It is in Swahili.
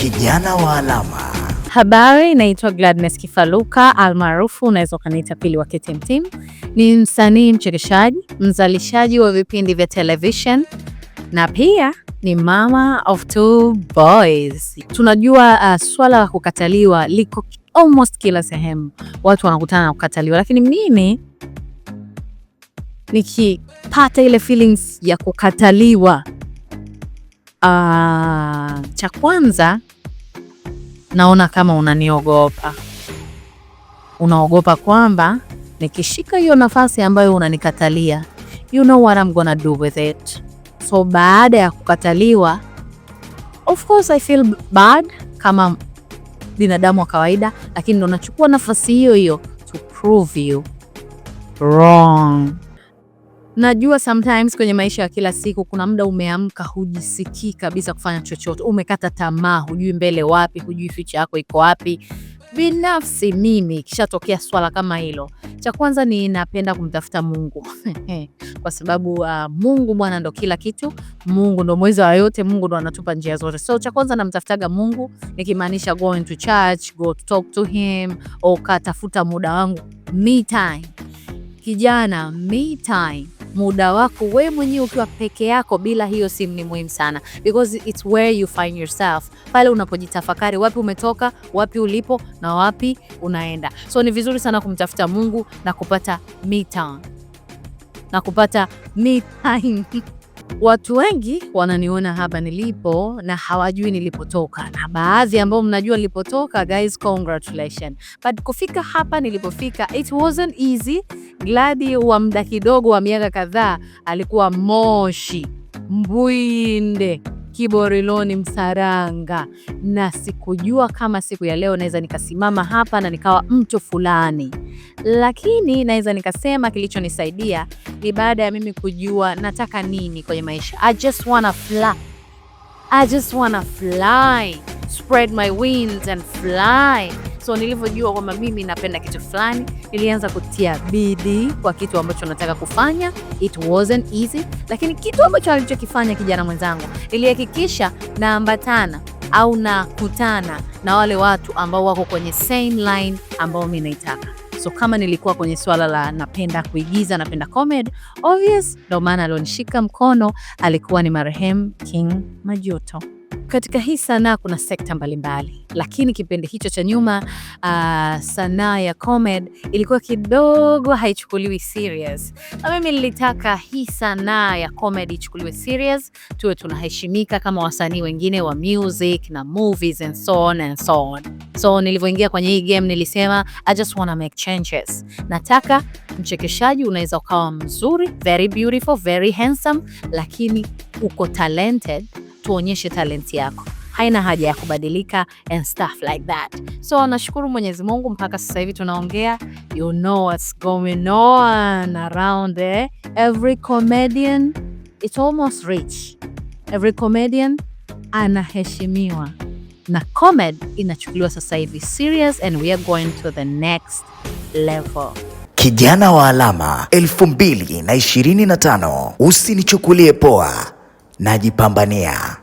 Kijana wa alama. Habari, naitwa Gladness Kifaluka almaarufu unaweza ukaniita Pili wa Kitimtim. Ni msanii, mchekeshaji, mzalishaji wa vipindi vya television na pia ni mama of two boys. Tunajua uh, swala la kukataliwa liko almost kila sehemu, watu wanakutana na kukataliwa, lakini mimi nikipata ile feelings ya kukataliwa, uh, cha kwanza naona kama unaniogopa, unaogopa kwamba nikishika hiyo nafasi ambayo unanikatalia, you know what I'm gonna do with it. So baada ya kukataliwa, of course I feel bad kama binadamu wa kawaida, lakini ndo nachukua nafasi hiyo hiyo to prove you wrong. Najua sometimes kwenye maisha ya kila siku kuna muda umeamka, hujisikii kabisa kufanya chochote, umekata tamaa, hujui mbele wapi, hujui ficha yako iko wapi. Binafsi mimi kishatokea swala kama hilo, cha kwanza napenda kumtafuta Mungu kwa sababu uh, Mungu bwana ndo kila kitu, Mungu ndo mweza wa yote, Mungu ndo anatupa njia zote. So cha kwanza namtafutaga Mungu, nikimaanisha go church, go to talk to him, au katafuta muda wangu me time. Kijana, me time muda wako wewe mwenyewe ukiwa peke yako bila hiyo simu ni muhimu sana, because it's where you find yourself, pale unapojitafakari wapi umetoka, wapi ulipo na wapi unaenda. So ni vizuri sana kumtafuta Mungu na kupata me time na kupata me time Watu wengi wananiona hapa nilipo na hawajui nilipotoka, na baadhi ambao mnajua nilipotoka, guys congratulations, but kufika hapa nilipofika it wasn't easy. Gladi wa muda kidogo wa miaka kadhaa alikuwa Moshi Mbwinde Kiboriloni Msaranga, na sikujua kama siku ya leo naweza nikasimama hapa na nikawa mtu fulani, lakini naweza nikasema kilichonisaidia ni baada ya mimi kujua nataka nini kwenye maisha. I just wanna fly. I just wanna fly. Spread my wings and fly. So nilivyojua kwamba mimi napenda kitu fulani, nilianza kutia bidii kwa kitu ambacho nataka kufanya. It wasn't easy, lakini kitu ambacho alichokifanya kijana mwenzangu nilihakikisha naambatana au nakutana na wale watu ambao wako kwenye same line ambao mi naitaka. So kama nilikuwa kwenye swala la napenda kuigiza, napenda comedy, obvious, ndo maana alionishika mkono alikuwa ni marehemu King Majuto. Katika hii sanaa kuna sekta mbalimbali, lakini kipindi hicho cha nyuma uh, sanaa ya comedy ilikuwa kidogo haichukuliwi serious, na mimi nilitaka hii sanaa ya comedy ichukuliwe serious, tuwe tunaheshimika kama wasanii wengine wa music na movies and so on and so on. So nilivyoingia kwenye hii game nilisema I just wanna make changes, nataka mchekeshaji unaweza ukawa mzuri, very beautiful, very handsome, lakini uko talented tuonyeshe talenti yako, haina haja ya kubadilika and stuff like that. So nashukuru Mwenyezi Mungu mpaka sasa hivi tunaongea, you know what's going on around there. Every comedian it's almost rich. Every comedian anaheshimiwa na comed inachukuliwa sasa hivi serious and we are going to the next level. Kijana wa Alama 2025 usinichukulie poa najipambania.